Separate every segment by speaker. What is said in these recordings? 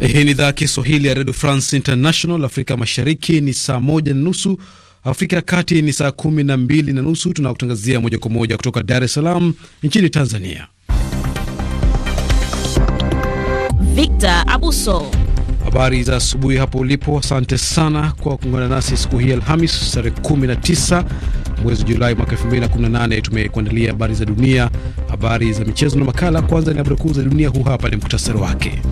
Speaker 1: Hii ni idhaa ya Kiswahili ya redio France International. Afrika Mashariki ni saa moja na nusu, Afrika ya Kati ni saa kumi na mbili na nusu. Tunakutangazia moja kwa moja kutoka Dar es Salaam nchini Tanzania.
Speaker 2: Victor Abuso,
Speaker 1: habari za asubuhi hapo ulipo. Asante sana kwa kuungana nasi siku hii Alhamis tarehe 19 mwezi Julai mwaka 2018. Tumekuandalia habari za dunia, habari za michezo na makala. Kwanza ni habari kuu za dunia, huu hapa ni mktasari wake.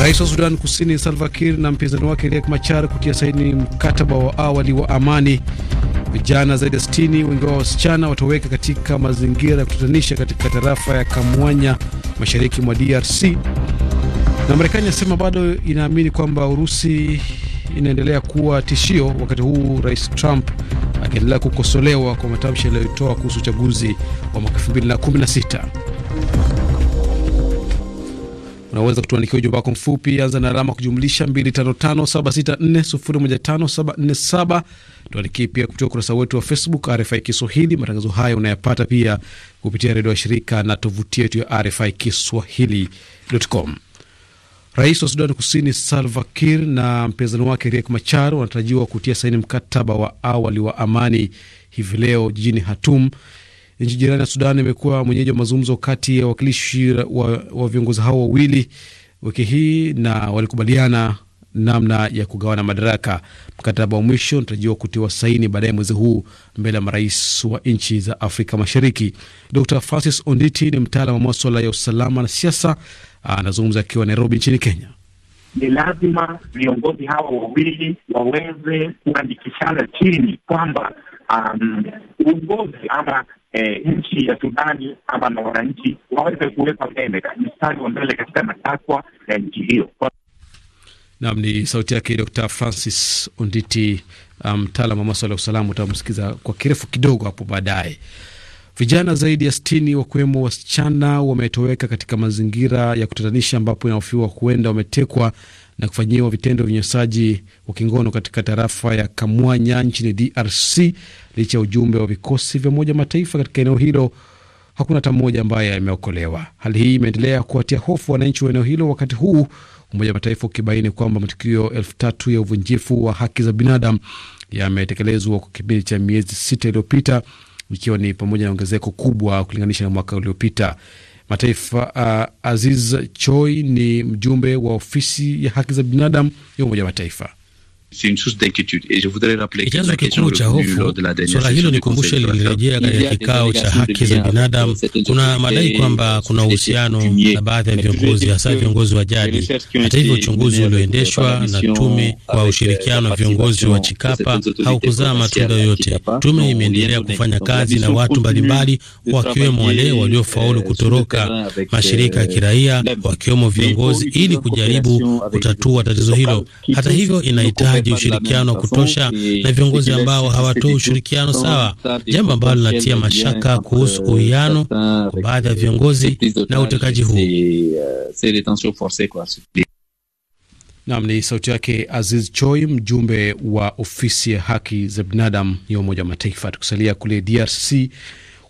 Speaker 1: Rais wa Sudan Kusini Salva Kiir na mpinzani wake Riek Machar kutia saini mkataba wa awali wa amani. Vijana zaidi ya 60 wengi wao wasichana watoweka katika mazingira ya kutatanisha katika tarafa ya Kamwanya mashariki mwa DRC. Na Marekani inasema bado inaamini kwamba Urusi inaendelea kuwa tishio, wakati huu Rais Trump akiendelea kukosolewa kwa matamshi aliyotoa kuhusu uchaguzi wa mwaka 2016. Unaweza kutuandikia ujumbe wako mfupi, anza na alama kujumlisha 255764015747. Tuandikie pia kupitia ukurasa wetu wa Facebook RFI Kiswahili. Matangazo haya unayapata pia kupitia redio ya shirika na tovuti yetu ya RFI Kiswahili.com. Rais wa Sudan Kusini Salva Kiir na mpinzani wake Riek Machar wanatarajiwa kutia saini mkataba wa awali wa amani hivi leo jijini Hatum Nchi jirani ya Sudan imekuwa mwenyeji wa mazungumzo kati ya wakilishi wa, wa viongozi hao wawili wiki hii na walikubaliana namna ya kugawana madaraka. Mkataba wa mwisho unatarajiwa kutiwa saini baadaye mwezi huu mbele ya marais wa nchi za Afrika Mashariki. Dr Francis Onditi ni mtaalam wa maswala ya usalama na siasa, anazungumza akiwa Nairobi nchini Kenya.
Speaker 3: Ni lazima viongozi hawa wawili waweze kuandikishana chini kwamba um, uongozi ama eh, nchi ya Sudani ama na wananchi waweze kuwekwa mbele mstari wa mbele katika matakwa ya nchi hiyo.
Speaker 1: Nam ni sauti yake Dr Francis Onditi, mtaalam um, wa maswala ya usalama. Utamsikiza kwa kirefu kidogo hapo baadaye. Vijana zaidi ya sitini wakiwemo wasichana wametoweka katika mazingira ya kutatanisha, ambapo inahofiwa huenda wametekwa na kufanyiwa vitendo vya unyanyasaji wa kingono katika tarafa ya Kamwanya nchini DRC. Licha ya ujumbe wa vikosi vya Umoja Mataifa katika eneo hilo, hakuna hata mmoja ambaye ameokolewa. Hali hii imeendelea kuwatia hofu wananchi wa eneo hilo, wakati huu Umoja Mataifa ukibaini kwamba matukio elfu tatu ya uvunjifu wa haki za binadamu yametekelezwa kwa kipindi cha miezi sita iliyopita, ikiwa ni pamoja na ongezeko kubwa kulinganisha na mwaka uliopita. Mataifa uh, Aziz Choi ni mjumbe wa ofisi ya haki za binadamu ya Umoja wa Mataifa c'est une source d'inquiétude et je voudrais rappeler que la kikuu cha hofu. swala hilo nikumbushe, lilirejea katika kikao cha haki za binadamu.
Speaker 4: Kuna madai kwamba kuna uhusiano na baadhi ya viongozi, hasa viongozi wa jadi. Hata hivyo, uchunguzi ulioendeshwa na tume kwa euh, ushirikiano wa viongozi wa Chikapa haukuzaa matunda yoyote. Tume imeendelea kufanya kazi na watu mbalimbali, wakiwemo wale waliofaulu kutoroka mashirika ya euh, kiraia, wakiwemo viongozi, ili kujaribu kutatua tatizo hilo. Hata hivyo, inahitaji wanahitaji ushirikiano wa kutosha na viongozi ambao hawatoi ushirikiano sawa, jambo ambalo linatia mashaka kuhusu uwiano kwa baadhi ya viongozi na utekaji huu. Uh,
Speaker 1: Nam ni sauti yake Aziz Choi, mjumbe wa ofisi ya haki za binadamu ya Umoja wa Mataifa. Tukusalia kule DRC,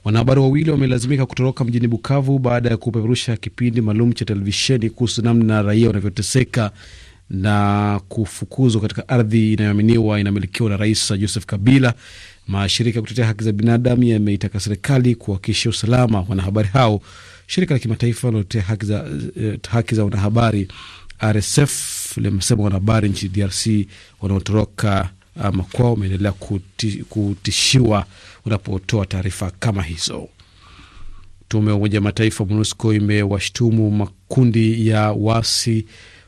Speaker 1: wanahabari wawili wamelazimika kutoroka mjini Bukavu baada ya kupeperusha kipindi maalum cha televisheni kuhusu namna raia wanavyoteseka na kufukuzwa katika ardhi inayoaminiwa inamilikiwa na Rais Joseph Kabila. Mashirika ya kutetea haki za binadamu yameitaka serikali kuhakikisha usalama wanahabari hao. Shirika la kimataifa linalotetea haki za, eh, haki za wanahabari RSF limesema wanahabari nchini DRC wanaotoroka ah, makwao wameendelea kuti, kutishiwa unapotoa taarifa kama hizo. Tume ya Umoja Mataifa MONUSCO imewashtumu makundi ya wasi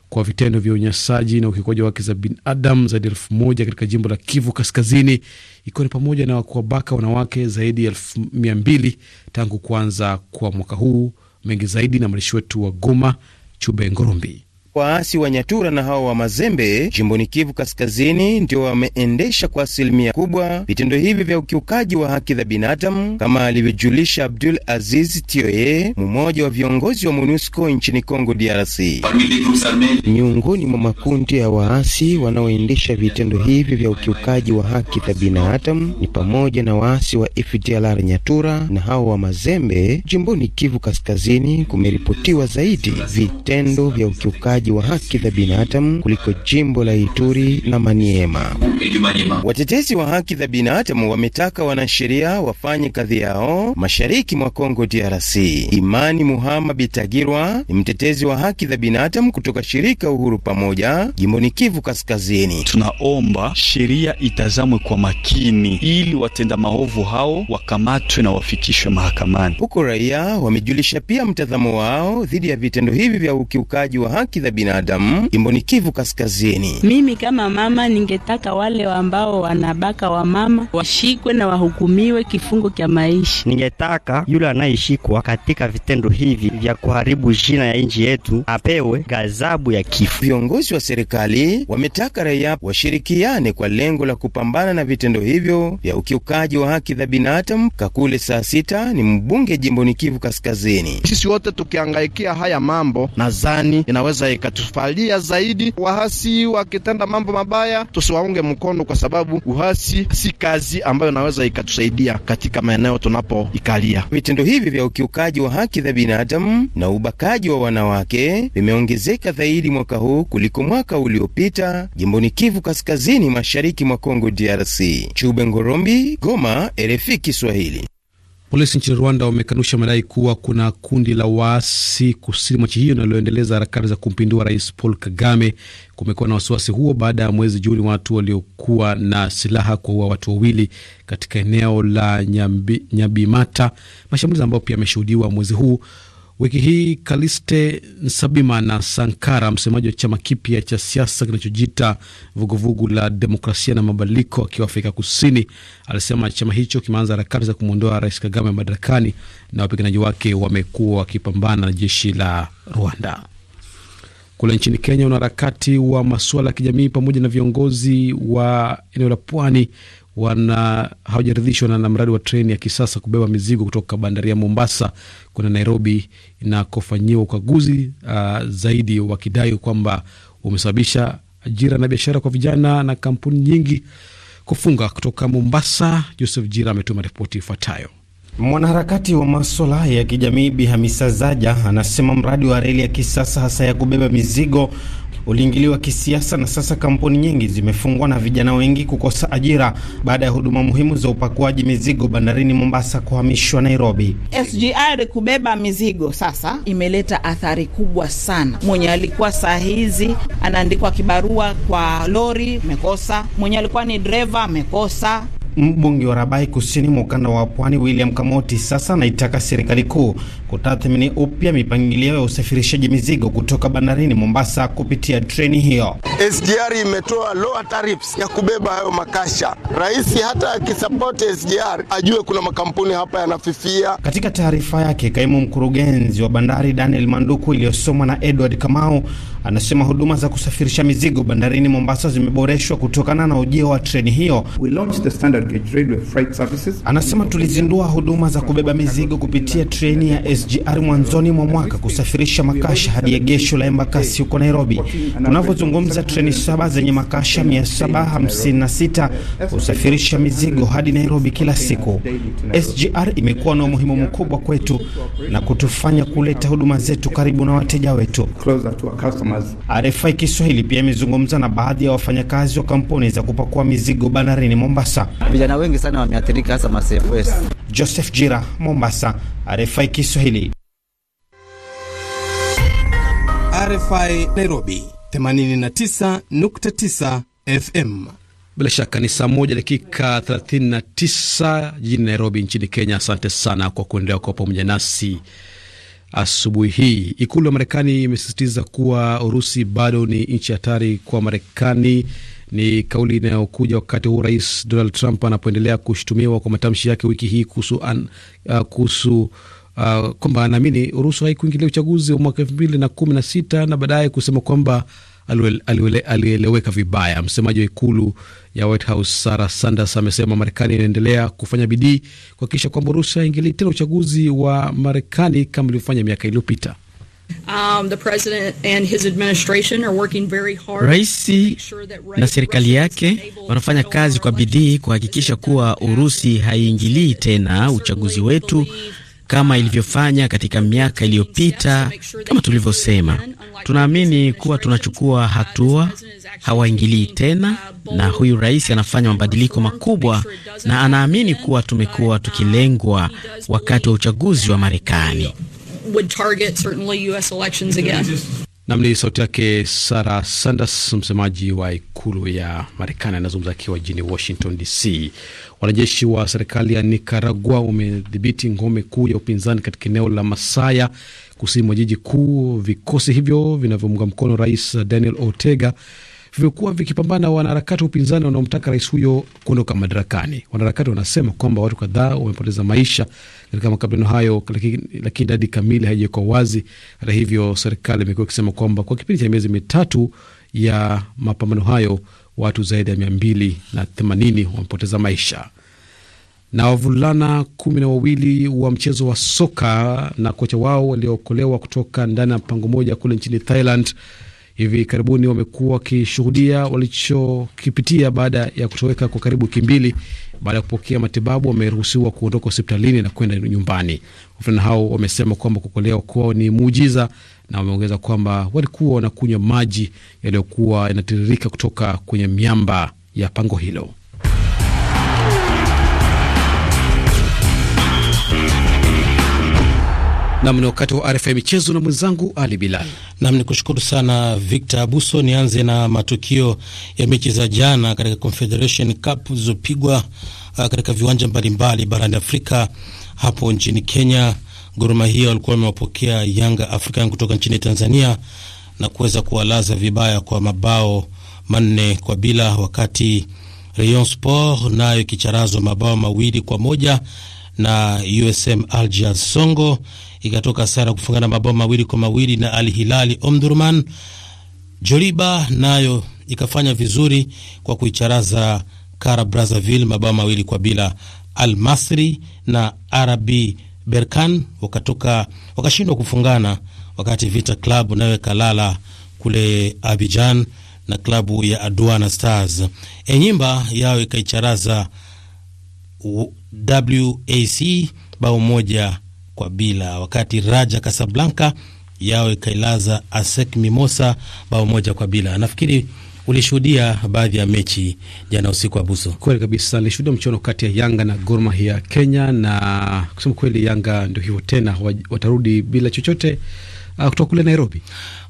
Speaker 1: kwa vitendo vya unyanyasaji na ukiukaji wa haki za binadamu zaidi ya elfu moja katika jimbo la Kivu Kaskazini, ikiwa ni pamoja na kuwabaka wanawake zaidi ya elfu mia mbili tangu kuanza kwa mwaka huu. Mengi zaidi na mwandishi wetu wa Goma, Chube Ngorombi
Speaker 5: waasi wa Nyatura na hao wa Mazembe jimboni Kivu Kaskazini ndio wameendesha kwa asilimia kubwa vitendo hivi vya ukiukaji wa haki za binadamu, kama alivyojulisha Abdul Aziz Tioye, mmoja wa viongozi wa MONUSCO nchini congo DRC. Miongoni mwa makundi ya waasi wanaoendesha vitendo hivi vya ukiukaji wa haki za binadamu ni pamoja na waasi wa FDLR Nyatura na hao wa Mazembe jimboni Kivu Kaskazini. Kumeripotiwa zaidi vitendo vya ukiukaji utendaji wa haki za binadamu kuliko jimbo la Ituri na Maniema. Watetezi wa haki za binadamu wametaka wanasheria wafanye kazi yao mashariki mwa Kongo DRC. Imani Muhama Bitagirwa ni mtetezi wa haki za binadamu kutoka shirika Uhuru Pamoja, jimboni Kivu Kaskazini.
Speaker 4: Tunaomba sheria itazamwe kwa makini
Speaker 5: ili watenda maovu hao wakamatwe na wafikishwe mahakamani. Huko raia wamejulisha pia mtazamo wao dhidi ya vitendo hivi vya ukiukaji wa haki la binadamu jimboni Kivu Kaskazini.
Speaker 2: Mimi kama mama ningetaka wale ambao wanabaka mama
Speaker 5: washikwe na wahukumiwe kifungo kya maisha. Ningetaka yule anayeshikwa katika vitendo hivi vya kuharibu jina ya nchi yetu apewe gazabu ya kifo. Viongozi wa serikali wametaka raia washirikiane kwa lengo la kupambana na vitendo hivyo vya ukiukaji wa haki za binadamu. Kakule saa sita ni mbunge jimboni Kivu Kaskazini. Sisi wote tukiangaikia haya mambo, nadhani inaweza ikatufalia zaidi.
Speaker 6: Wahasi wakitenda mambo mabaya, tusiwaunge mkono, kwa sababu uhasi si kazi
Speaker 5: ambayo inaweza ikatusaidia katika maeneo tunapoikalia. Vitendo hivi vya ukiukaji wa haki za binadamu na ubakaji wa wanawake vimeongezeka zaidi mwaka huu kuliko mwaka uliopita jimboni Kivu Kaskazini, mashariki mwa Kongo DRC. Chube Ngorombi, Goma, RFI Kiswahili.
Speaker 1: Polisi nchini Rwanda wamekanusha madai kuwa kuna kundi la waasi kusini mwa nchi hiyo linaloendeleza harakati za kumpindua rais Paul Kagame. Kumekuwa na wasiwasi huo baada ya mwezi Juni watu waliokuwa na silaha kuwaua watu wawili katika eneo la Nyabimata, mashambulizi ambayo pia yameshuhudiwa mwezi huu Wiki hii Kaliste Nsabima na Sankara, msemaji wa chama kipya cha siasa kinachojita vuguvugu la demokrasia na mabadiliko akiwa Afrika Kusini, alisema chama hicho kimeanza harakati za kumwondoa Rais Kagame madarakani na wapiganaji wake wamekuwa wakipambana na jeshi la Rwanda. Kule nchini Kenya, wanaharakati wa masuala ya kijamii pamoja na viongozi wa eneo la pwani wana hawajaridhishwa na mradi wa treni ya kisasa kubeba mizigo kutoka bandari ya Mombasa kwenda Nairobi inakofanyiwa ukaguzi uh, zaidi, wakidai kwamba umesababisha ajira na biashara kwa vijana na kampuni nyingi kufunga. Kutoka Mombasa, Joseph Jira ametuma ripoti ifuatayo.
Speaker 6: Mwanaharakati wa maswala ya kijamii Bihamisa Zaja anasema mradi wa reli ya kisasa hasa ya kubeba mizigo uliingiliwa kisiasa, na sasa kampuni nyingi zimefungwa na vijana wengi kukosa ajira baada ya huduma muhimu za upakuaji mizigo bandarini Mombasa kuhamishwa Nairobi.
Speaker 5: SGR kubeba mizigo sasa imeleta athari kubwa sana. Mwenye alikuwa saa hizi anaandikwa kibarua kwa lori amekosa, mwenye alikuwa ni dreva amekosa
Speaker 6: Mbunge wa Rabai kusini mwa ukanda wa pwani William Kamoti sasa anaitaka serikali kuu kutathmini upya mipangilio ya usafirishaji mizigo kutoka bandarini Mombasa kupitia treni hiyo.
Speaker 5: SGR imetoa lower tariffs ya kubeba hayo makasha. Rais hata akisapoti SGR ajue kuna makampuni hapa yanafifia.
Speaker 6: Katika taarifa yake, kaimu mkurugenzi wa bandari Daniel Manduku iliyosomwa na Edward Kamau anasema huduma za kusafirisha mizigo bandarini Mombasa zimeboreshwa kutokana na ujio wa treni hiyo. Anasema tulizindua huduma za kubeba mizigo kupitia treni ya SGR mwanzoni mwa mwaka kusafirisha makasha hadi egesho la Embakasi huko Nairobi. Tunavyozungumza, treni saba zenye makasha 756 husafirisha mizigo hadi Nairobi kila siku. SGR imekuwa na umuhimu mkubwa kwetu na kutufanya kuleta huduma zetu karibu na wateja wetu. Bahamas. RFI Kiswahili pia imezungumza na baadhi ya wafanyakazi wa kampuni za kupakua mizigo bandarini Mombasa. Vijana wengi sana wameathirika, hasa masefes. Joseph Jira, Mombasa, RFI Kiswahili.
Speaker 1: RFI Nairobi 89.9 FM. Bila shaka ni saa moja dakika 39 jijini Nairobi nchini Kenya. Asante sana kwa kuendelea kwa pamoja nasi asubuhi hii. Ikulu ya Marekani imesisitiza kuwa Urusi bado ni nchi hatari kwa Marekani. Ni kauli inayokuja wakati huu Rais Donald Trump anapoendelea kushutumiwa kwa matamshi yake wiki hii kuhusu uh, kuhusu uh, kwamba anaamini Urusi haikuingilia uchaguzi wa mwaka elfu mbili na kumi na sita na baadaye kusema kwamba alieleweka vibaya. Msemaji wa ikulu ya White House Sarah Sanders amesema Marekani inaendelea kufanya bidii kuhakikisha kwamba Urusi haingilii tena uchaguzi wa Marekani kama ilivyofanya miaka iliyopita. Um, Raisi sure na serikali yake wanafanya kazi kwa bidii kuhakikisha kuwa Urusi haiingilii tena uchaguzi wetu kama ilivyofanya katika miaka iliyopita. Kama tulivyosema, tunaamini kuwa tunachukua hatua, hawaingilii tena, na huyu rais anafanya mabadiliko makubwa, na anaamini kuwa tumekuwa tukilengwa wakati wa uchaguzi wa Marekani ni sauti yake Sara Sanders, msemaji wa ikulu ya Marekani, anazungumza akiwa jini Washington DC. Wanajeshi wa serikali ya Nicaragua wamedhibiti ngome kuu ya upinzani katika eneo la Masaya, kusini mwa jiji kuu. Vikosi hivyo vinavyomunga mkono rais Daniel Ortega vimekuwa vikipambana na wanaharakati wa upinzani wanaomtaka rais huyo kuondoka madarakani. Wanaharakati wanasema kwamba watu kadhaa wamepoteza maisha katika makabiliano hayo, lakini idadi kamili haijawekwa wazi. Hata hivyo, serikali imekuwa ikisema kwamba kwa kipindi cha miezi mitatu ya mapambano hayo watu zaidi ya mia mbili na themanini wamepoteza maisha na wavulana kumi na wawili wa mchezo wa soka na kocha wao waliokolewa kutoka ndani ya mpango moja kule nchini Thailand hivi karibuni wamekuwa wakishuhudia walichokipitia baada ya kutoweka kwa karibu wiki mbili. Baada ya kupokea matibabu, wameruhusiwa kuondoka hospitalini na kwenda nyumbani. Wavulana hao wamesema kwamba kuokolewa kwao ni muujiza, na wameongeza kwamba walikuwa wanakunywa maji yaliyokuwa yanatiririka kutoka kwenye miamba ya pango hilo.
Speaker 4: Nam ni wakati wa RFI michezo na mwenzangu Ali Bilal. Nam ni kushukuru sana Victor Abuso. Nianze na matukio ya mechi za jana katika Confederation Cup zilizopigwa uh, katika viwanja mbalimbali barani Afrika. Hapo nchini Kenya, Gor Mahia walikuwa wamewapokea Yanga African kutoka nchini Tanzania na kuweza kuwalaza vibaya kwa mabao manne kwa bila, wakati Rayon Sport nayo ikicharazwa mabao mawili kwa moja na USM Alger Songo ikatoka sara kufungana mabao mawili kwa mawili na Al Hilali Omdurman. Joliba nayo ikafanya vizuri kwa kuicharaza Kara Brazzaville mabao mawili kwa bila. Al Masri na Arabi Berkan wakatoka wakashindwa kufungana, wakati Vita Club nayo ikalala kule Abidjan na klabu ya Aduana Stars. Enyimba yao ikaicharaza WAC bao moja kwa bila, wakati Raja Casablanca yao ikailaza ASEC Mimosa bao moja kwa bila. Nafikiri ulishuhudia baadhi ya mechi jana usiku wa buso. Kweli kabisa, nilishuhudia mchuano kati ya
Speaker 1: Yanga na Gor Mahia ya Kenya, na kusema kweli, Yanga ndio hivyo tena, watarudi bila
Speaker 4: chochote uh, kutoka kule Nairobi.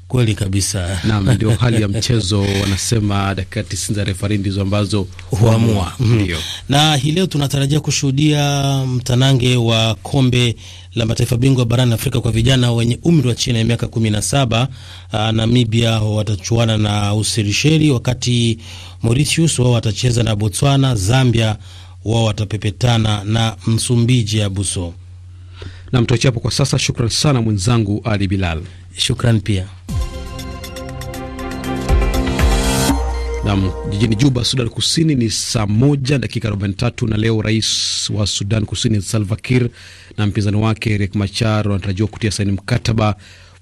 Speaker 4: Kweli kabisa. Naam, ndio hali ya mchezo wanasema dakika tisini za refari ndizo ambazo huamua. mm -hmm. Na hii leo tunatarajia kushuhudia mtanange wa kombe la mataifa bingwa barani Afrika kwa vijana wenye umri wa chini ya miaka kumi na saba. Ah, Namibia watachuana na Usirisheri, wakati Mauritius wao watacheza na Botswana. Zambia wao watapepetana na Msumbiji ya Buso. Namtochi hapo kwa sasa. Shukran sana mwenzangu Ali Bilal. Shukran pia.
Speaker 1: Nam jijini Juba, Sudan Kusini ni saa moja dakika 43, na leo rais wa Sudan Kusini Salva Kiir na mpinzani wake Riek Machar wanatarajiwa kutia saini mkataba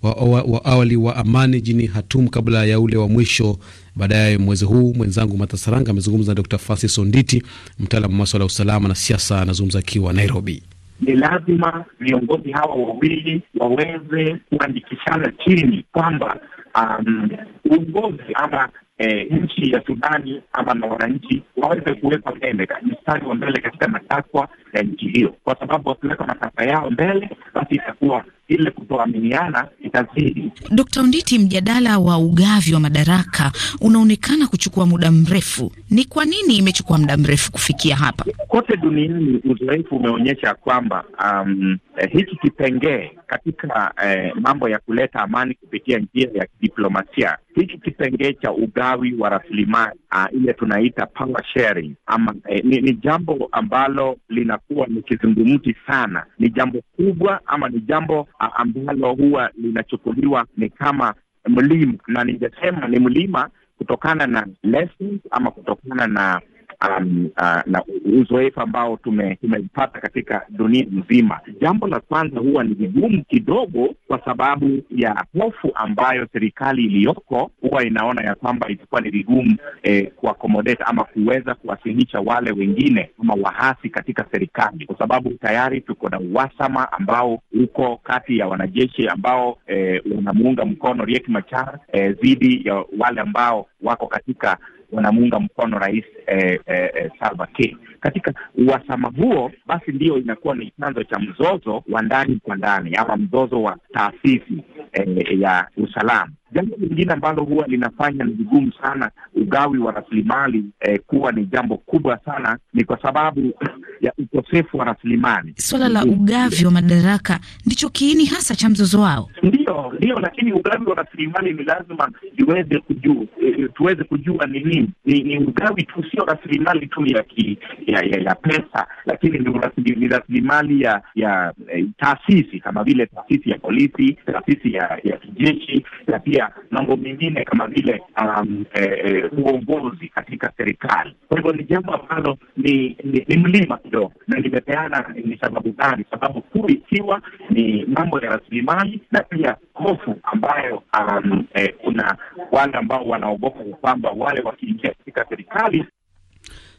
Speaker 1: wa, wa, wa awali wa amani jini Hatum kabla ya ule wa mwisho baadaye mwezi huu. Mwenzangu Matasaranga amezungumza na Dr Francis Onditi, mtaalamu wa maswala ya usalama na siasa, anazungumza akiwa Nairobi.
Speaker 3: Ni lazima viongozi hawa wawili waweze kuandikishana chini kwamba um, uongozi ama eh, nchi ya Sudani ama na wananchi waweze kuwekwa mbele mstari wa mbele katika matakwa ya nchi hiyo, kwa sababu wakiweka matakwa yao mbele, basi itakuwa ile kutoaminiana itazidi.
Speaker 2: Dkt. unditi mjadala wa ugavi wa madaraka unaonekana kuchukua muda mrefu. Ni kwa nini imechukua muda mrefu kufikia hapa? Kote
Speaker 3: duniani uzoefu umeonyesha kwamba um, eh, hiki kipengee katika eh, mambo ya kuleta amani kupitia njia ya kidiplomasia, hiki kipengee cha ugawi wa rasilimali uh, ile tunaita power sharing ama eh, ni, ni jambo ambalo linakuwa ni kizungumti sana, ni jambo kubwa ama ni jambo uh, ambalo huwa linachukuliwa ni kama mlima, na ningesema ni mlima kutokana na lessons ama kutokana na um, uh, na uzoefu ambao tumeipata tume katika dunia nzima. Jambo la kwanza huwa ni vigumu kidogo, kwa sababu ya hofu ambayo serikali iliyoko huwa inaona ya kwamba itakuwa ni vigumu eh, kuakomodate ama kuweza kuwasilisha wale wengine ama wahasi katika serikali, kwa sababu tayari tuko na uhasama ambao uko kati ya wanajeshi ambao eh, wanamuunga mkono Riek Machar eh, dhidi ya wale ambao wako katika wanamuunga mkono rais eh, eh, eh Salva Kiir. Katika uhasama huo basi ndiyo inakuwa ni chanzo cha mzozo wa ndani kwa ndani ama mzozo wa taasisi eh, ya usalama Jambo lingine ambalo huwa linafanya ni vigumu sana ugawi wa rasilimali eh, kuwa ni jambo kubwa sana ni kwa sababu ya ukosefu wa rasilimali. Swala la
Speaker 2: ugavi wa madaraka ndicho kiini hasa cha mzozo wao.
Speaker 3: ndio ndio lakini ugavi wa rasilimali ni lazima iweze kujua, eh, tuweze kujua ni nini ni, ni ugawi tu, sio rasilimali tu ya, ki, ya, ya, ya pesa, lakini ni rasilimali ya, ya eh, taasisi kama vile taasisi ya polisi, taasisi ya, ya kijeshi na pia pia mambo mengine kama vile um, e, e, uongozi katika serikali. Kwa hivyo ni jambo ambalo ni, ni, ni mlima kidogo, na nimepeana ni sababu gani, sababu kuu ikiwa ni mambo ya rasilimali na pia hofu ambayo um, e, kuna wale ambao wanaogopa kwamba wale wakiingia katika serikali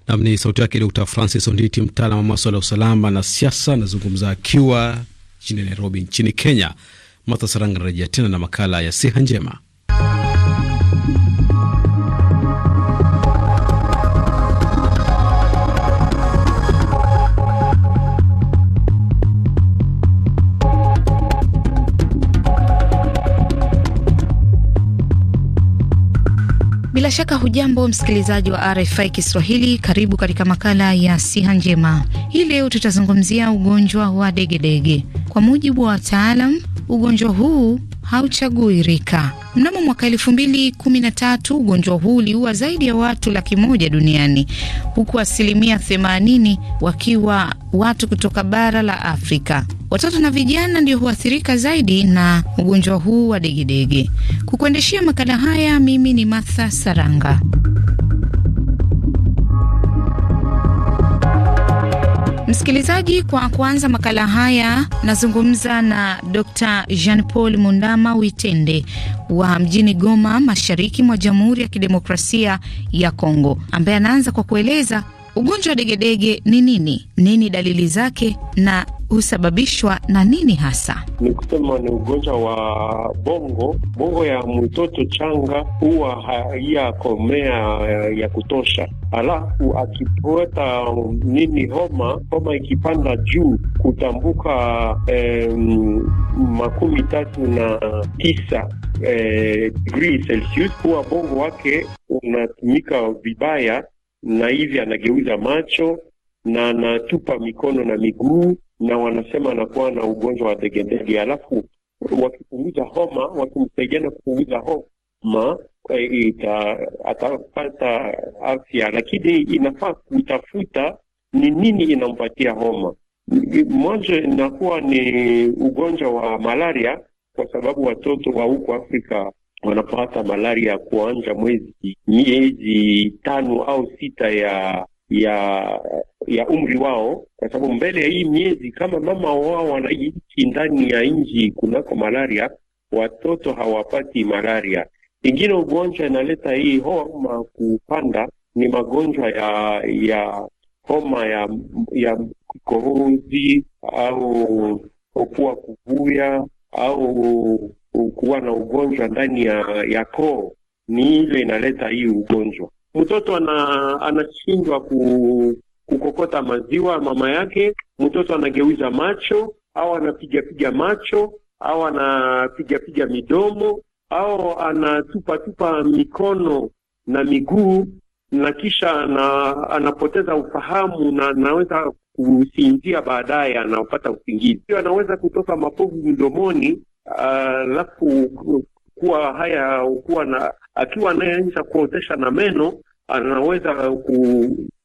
Speaker 1: nam ni sauti yake Dr Francis Onditi, mtaalam wa maswala ya usalama na siasa, anazungumza akiwa jijini Nairobi nchini Kenya. Martha Saranga anarejea tena na makala ya siha njema.
Speaker 2: Bila shaka hujambo msikilizaji wa RFI Kiswahili, karibu katika makala ya siha njema. Hii leo tutazungumzia ugonjwa wa degedege. Kwa mujibu wa wataalam, ugonjwa huu hauchagui rika. Mnamo mwaka elfu mbili kumi na tatu ugonjwa huu uliua zaidi ya watu laki moja duniani huku asilimia themanini wakiwa watu kutoka bara la Afrika. Watoto na vijana ndio huathirika zaidi na ugonjwa huu wa degedege. Kukuendeshea makala haya, mimi ni Martha Saranga. Msikilizaji, kwa kuanza makala haya nazungumza na Dr. Jean Paul Mundama Witende wa mjini Goma, mashariki mwa Jamhuri ya Kidemokrasia ya Kongo, ambaye anaanza kwa kueleza Ugonjwa wa degedege ni nini? Nini dalili zake na husababishwa na nini hasa?
Speaker 7: Ni kusema ni ugonjwa wa bongo. Bongo ya mtoto changa huwa haiyakomea eh, ya kutosha, alafu akipata nini, homa homa ikipanda juu kutambuka eh, makumi tatu na tisa eh, Celsius, huwa bongo wake unatumika vibaya na hivi anageuza macho na anatupa mikono na miguu, na wanasema anakuwa na ugonjwa wa degedege. Alafu wakipunguza homa, wakimsaidiana kupunguza homa eh, ita, atapata afya, lakini inafaa kutafuta ni nini inampatia homa. Mwanzo inakuwa ni ugonjwa wa malaria, kwa sababu watoto wa huko Afrika wanapata malaria ya kuanja mwezi miezi tano au sita ya ya ya umri wao, kwa sababu mbele ya hii miezi kama mama wao wanaishi ndani ya nji kunako malaria, watoto hawapati malaria. Ingine ugonjwa inaleta hii homa kupanda ni magonjwa ya ya homa ya ya kikohozi au kuwa kuvuya au kuwa na ugonjwa ndani ya, ya koo ni ile inaleta hii ugonjwa. Mtoto ana, anashindwa ku, kukokota maziwa mama yake, mtoto anageuza macho au anapigapiga macho au anapigapiga midomo au anatupatupa mikono na miguu na kisha na, anapoteza ufahamu na anaweza kusinzia baadaye, anapata usingizi. Anaweza kutoka mapovu mdomoni Ah, alafu uh, kuwa haya kuwa na akiwa anayeanza kuotesha na meno anaweza ku,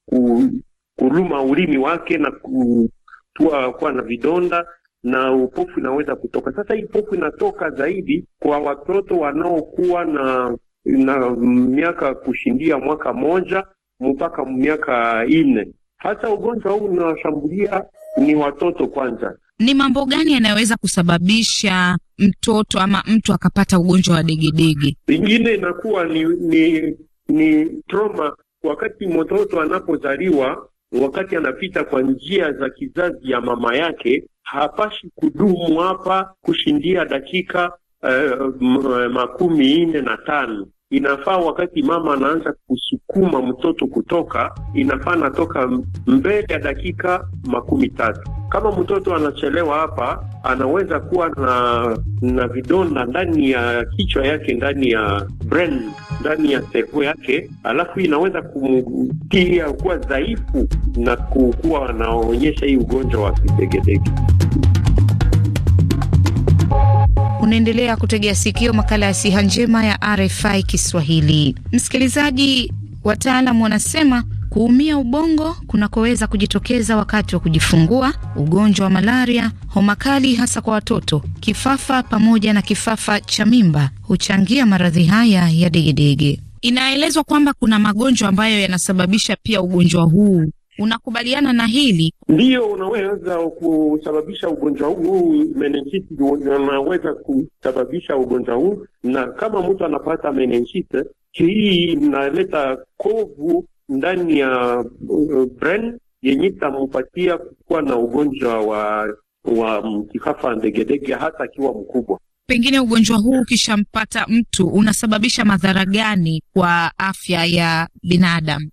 Speaker 7: ku, kuluma ulimi wake na kutua kuwa na vidonda na upofu inaweza kutoka. Sasa hii pofu inatoka zaidi kwa watoto wanaokuwa na na miaka kushindia mwaka moja mpaka miaka nne. Hasa ugonjwa huu unawashambulia ni watoto kwanza.
Speaker 2: Ni mambo gani yanayoweza kusababisha mtoto ama mtu akapata ugonjwa wa degedege. Pengine
Speaker 7: inakuwa ni, ni, ni trauma wakati mtoto anapozaliwa, wakati anapita kwa njia za kizazi ya mama yake, hapashi kudumu hapa kushindia dakika uh, makumi nne na tano inafaa wakati mama anaanza kusukuma mtoto kutoka, inafaa anatoka mbele ya dakika makumi tatu. Kama mtoto anachelewa hapa, anaweza kuwa na na vidonda ndani ya kichwa yake, ndani ya brain, ndani ya seko yake, alafu inaweza kumtia kuwa dhaifu na kukuwa anaonyesha hii ugonjwa wa kidegedege.
Speaker 2: Unaendelea kutegea sikio makala ya siha njema ya RFI Kiswahili. Msikilizaji, wataalam wanasema kuumia ubongo kunakoweza kujitokeza wakati wa kujifungua, ugonjwa wa malaria, homa kali hasa kwa watoto, kifafa pamoja na kifafa cha mimba huchangia maradhi haya ya degedege. Inaelezwa kwamba kuna magonjwa ambayo yanasababisha pia ugonjwa huu Unakubaliana na hili?
Speaker 7: Ndiyo, unaweza kusababisha ugonjwa huu. Menenjiti unaweza kusababisha ugonjwa huu, na kama mtu anapata menenjiti hii inaleta kovu ndani ya uh, brain yenye itampatia kuwa na ugonjwa wa wa kifafa ndegedege hata akiwa mkubwa.
Speaker 2: Pengine ugonjwa huu ukishampata mtu unasababisha madhara gani kwa afya ya binadamu?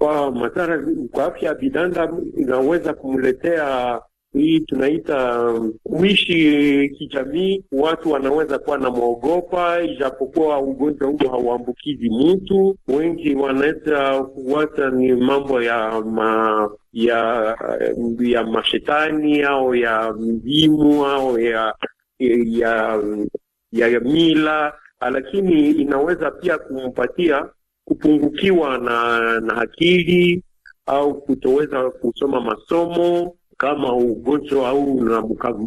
Speaker 7: kwa madhara kwa afya ya binadamu, inaweza kumletea hii tunaita um, kuishi kijamii. Watu wanaweza kuwa na mwogopa, ijapokuwa ugonjwa huo hauambukizi mtu. Wengi wanaweza kuwata ni mambo ya ma, ya ya mashetani au ya mzimu au ya ya ya, ya mila, lakini inaweza pia kumpatia kupungukiwa na, na akili au kutoweza kusoma masomo kama ugonjwa au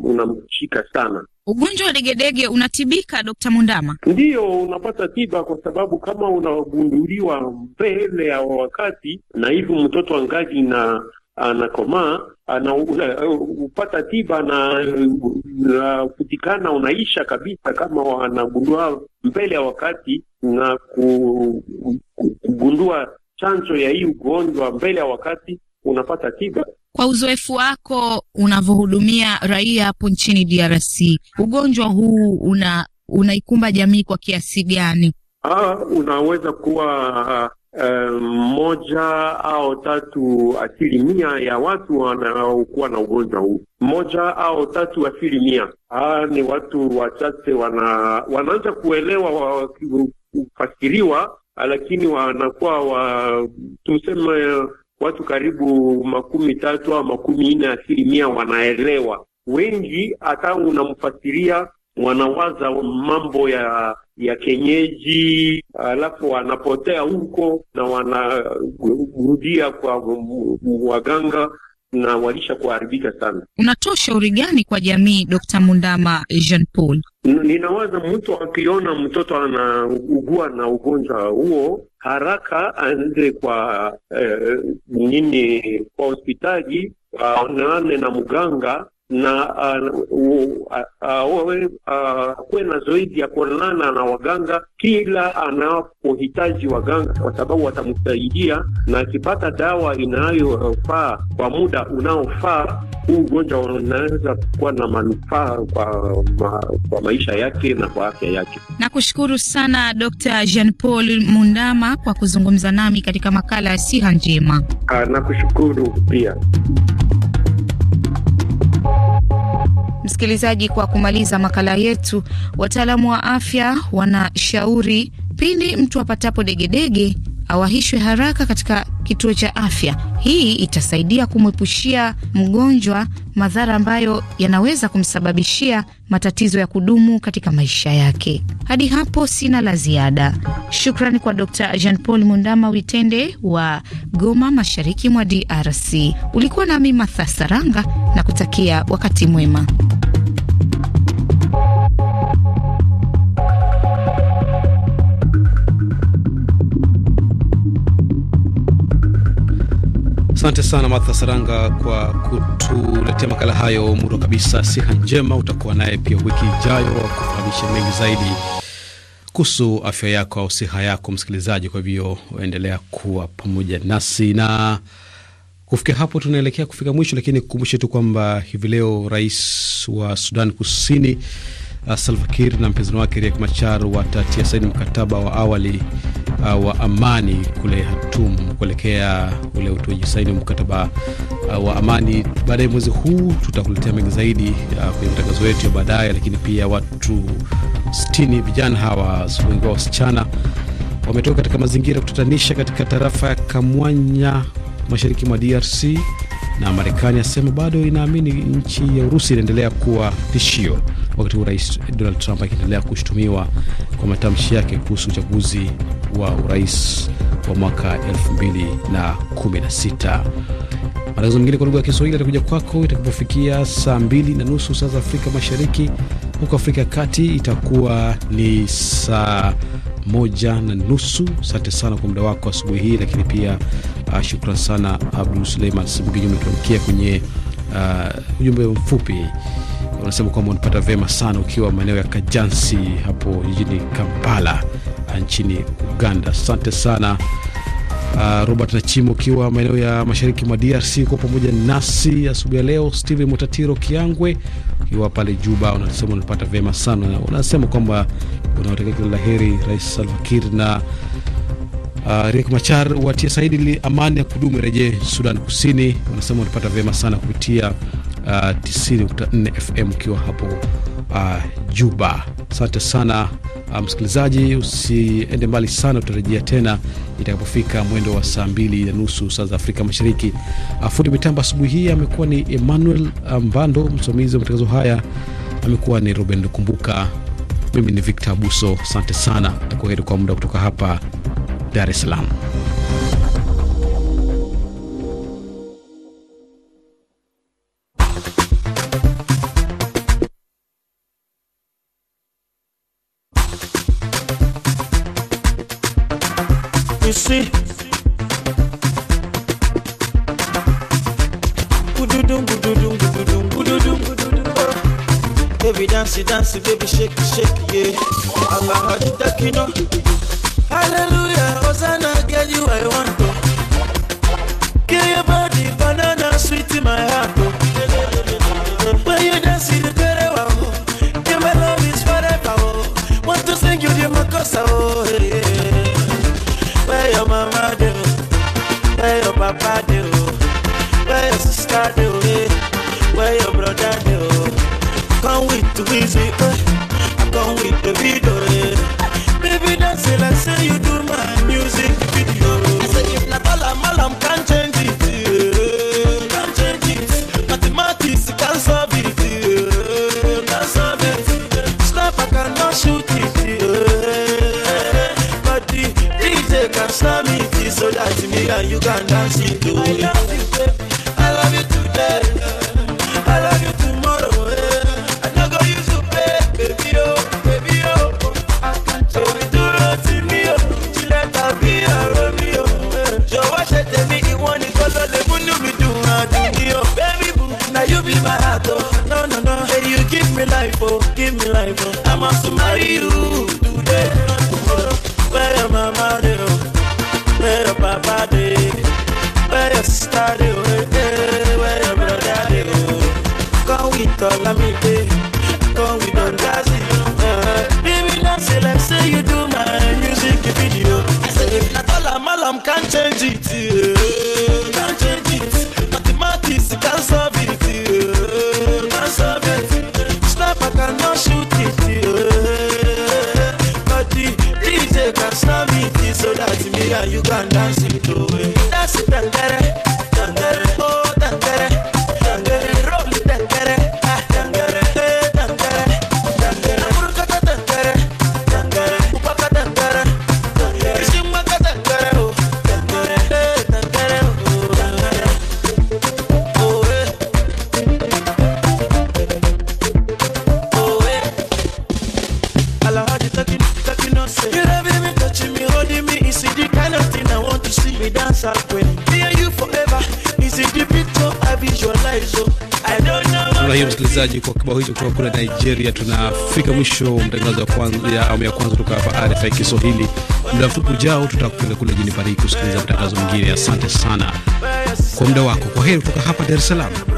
Speaker 7: unamshika sana.
Speaker 2: Ugonjwa wa degedege unatibika, Dr. Mundama?
Speaker 7: Ndiyo, unapata tiba kwa sababu kama unagunduliwa mbele ya wakati, na hivyo mtoto angali na anakomaa ana, upata tiba na kutikana unaisha kabisa, kama wanagundua mbele ya wakati na kugundua chanzo ya hii ugonjwa mbele ya wakati, unapata tiba.
Speaker 2: Kwa uzoefu wako unavyohudumia raia hapo nchini DRC, ugonjwa huu una unaikumba jamii kwa kiasi gani?
Speaker 7: Ah, unaweza kuwa Eh, moja au tatu asilimia ya watu wanaokuwa na ugonjwa huu, moja au tatu asilimia. Aa, ni watu wachache wana wanaanza kuelewa wa, kufasiriwa, lakini wanakuwa wa, tuseme watu karibu makumi tatu au makumi nne asilimia wanaelewa. Wengi hata unamfasiria wanawaza mambo ya ya kienyeji, alafu wanapotea huko na wanarudia kwa waganga na walisha kuharibika sana.
Speaker 2: Unatoa ushauri gani kwa jamii, Dr. Mundama Jean Paul?
Speaker 7: Ninawaza mtu akiona mtoto anaugua na ugonjwa huo haraka aende kwa eh, nini kwa hospitali aonane na mganga na ah, kuwe na zoezi ya kuonana na waganga kila anapohitaji waganga, kwa sababu watamsaidia na akipata dawa inayofaa kwa muda unaofaa, huu ugonjwa unaweza kuwa na manufaa kwa, ma, kwa maisha yake na kwa afya yake.
Speaker 2: Nakushukuru sana Dr. Jean Paul Mundama kwa kuzungumza nami katika makala ya siha njema.
Speaker 7: Ah, nakushukuru pia.
Speaker 2: Msikilizaji, kwa kumaliza makala yetu, wataalamu wa afya wanashauri pindi mtu apatapo degedege awahishwe haraka katika kituo cha afya. Hii itasaidia kumwepushia mgonjwa madhara ambayo yanaweza kumsababishia matatizo ya kudumu katika maisha yake. Hadi hapo sina la ziada. Shukrani kwa Dr. Jean Paul Mundama Witende wa Goma, mashariki mwa DRC. Ulikuwa nami Matha Saranga na kutakia wakati mwema.
Speaker 1: Asante sana Martha Saranga kwa kutuletea makala hayo muro kabisa. Siha njema, utakuwa naye pia wiki ijayo kufahamisha mengi zaidi kuhusu afya yako au siha yako, msikilizaji. Kwa hivyo endelea kuwa pamoja nasi na kufikia hapo tunaelekea kufika mwisho, lakini kukumbushe tu kwamba hivi leo rais wa Sudan Kusini uh, Salva Kiir na mpinzani wake Riek Machar watatia saini mkataba wa awali uh, wa amani kule Hatum kuelekea ule utoaji saini wa mkataba uh, wa amani baadaye mwezi huu. Tutakuletea mengi zaidi uh, kwenye matangazo yetu ya baadaye, lakini pia watu sitini vijana hawa wengi wao wasichana wametoka katika mazingira ya kutatanisha katika tarafa ya Kamwanya mashariki mwa DRC na Marekani asema bado inaamini nchi ya Urusi inaendelea kuwa tishio wakati huu Rais Donald Trump akiendelea kushutumiwa kwa matamshi yake kuhusu uchaguzi wa urais wa mwaka 2016. Matangazo mengine kwa lugha ya Kiswahili yatakuja kwako itakapofikia saa mbili na nusu saa za Afrika Mashariki. Huko Afrika ya Kati itakuwa ni saa moja na nusu. Asante sana kwa muda wako asubuhi hii, lakini pia uh, shukran sana Abdul Suleiman Sibuginyu umetuandikia kwenye uh, ujumbe mfupi wanasema kwamba unapata vyema sana ukiwa maeneo ya Kajansi hapo jijini Kampala ah, nchini Uganda. Asante sana uh, Robert Nachimo ukiwa maeneo ya mashariki mwa DRC uko pamoja nasi asubuhi ya leo. Steven Mutatiro Kiangwe ukiwa pale Juba unasema unapata vyema sana, unasema kwamba unaotakia kila la heri Rais Salva Kiir na Uh, Riek Machar watia saidi amani ya kudumu irejee Sudan Kusini. Wanasema wanapata vyema sana kupitia uh, 90.4 FM ukiwa hapo uh, Juba. Asante sana uh, msikilizaji, usiende mbali sana, utarejea tena itakapofika mwendo wa saa mbili na nusu saa za Afrika Mashariki. Uh, fundi mitambo asubuhi hii amekuwa ni Emmanuel uh, Mbando, msimamizi wa matangazo haya amekuwa ni Ruben Kumbuka, mimi ni Victor Abuso. Asante sana, takuheri kwa muda kutoka hapa Dar es Salaam.
Speaker 8: Baby dance, you dance, baby shake, you shake, yeah. Allah Takino. Hallelujah, Hosanna, girl, you I want to. Kill your body, banana, sweet in my heart. come with the wizzy, I come with the video. Baby, dance it like say you do my music video. I say if not all I'm all I'm can't change it. Can't change it. Mathematics can't solve it. Can't solve it. Snap I cannot shoot it. But the DJ can slam it so that me and you can dance it. my heart, oh. No, no, no. Hey, you give me life, oh. Give me life, oh. I am to marry you today, not tomorrow. Where your mama dey, oh. Where your papa dey. Where your sister dey, oh. Eh, eh. Where your brother dey, oh. Come with all of me, dey. Come with all that, uh, Baby, don't dance it like say you do my music video. I say if not all I'm all, I'm can't change it, yeah. But me and you can dance it away. Dance it and it.
Speaker 1: msikilizaji, kwa kibao hicho kutoka kule Nigeria, tunafika mwisho mtangazo ya awamu ya kwanza kutoka hapa RFI Kiswahili. Muda mfupi ujao, tutakupeleka kule jini Paris kusikiliza matangazo mengine. Asante sana kwa muda wako. Kwa heri kutoka hapa Dar es Salaam.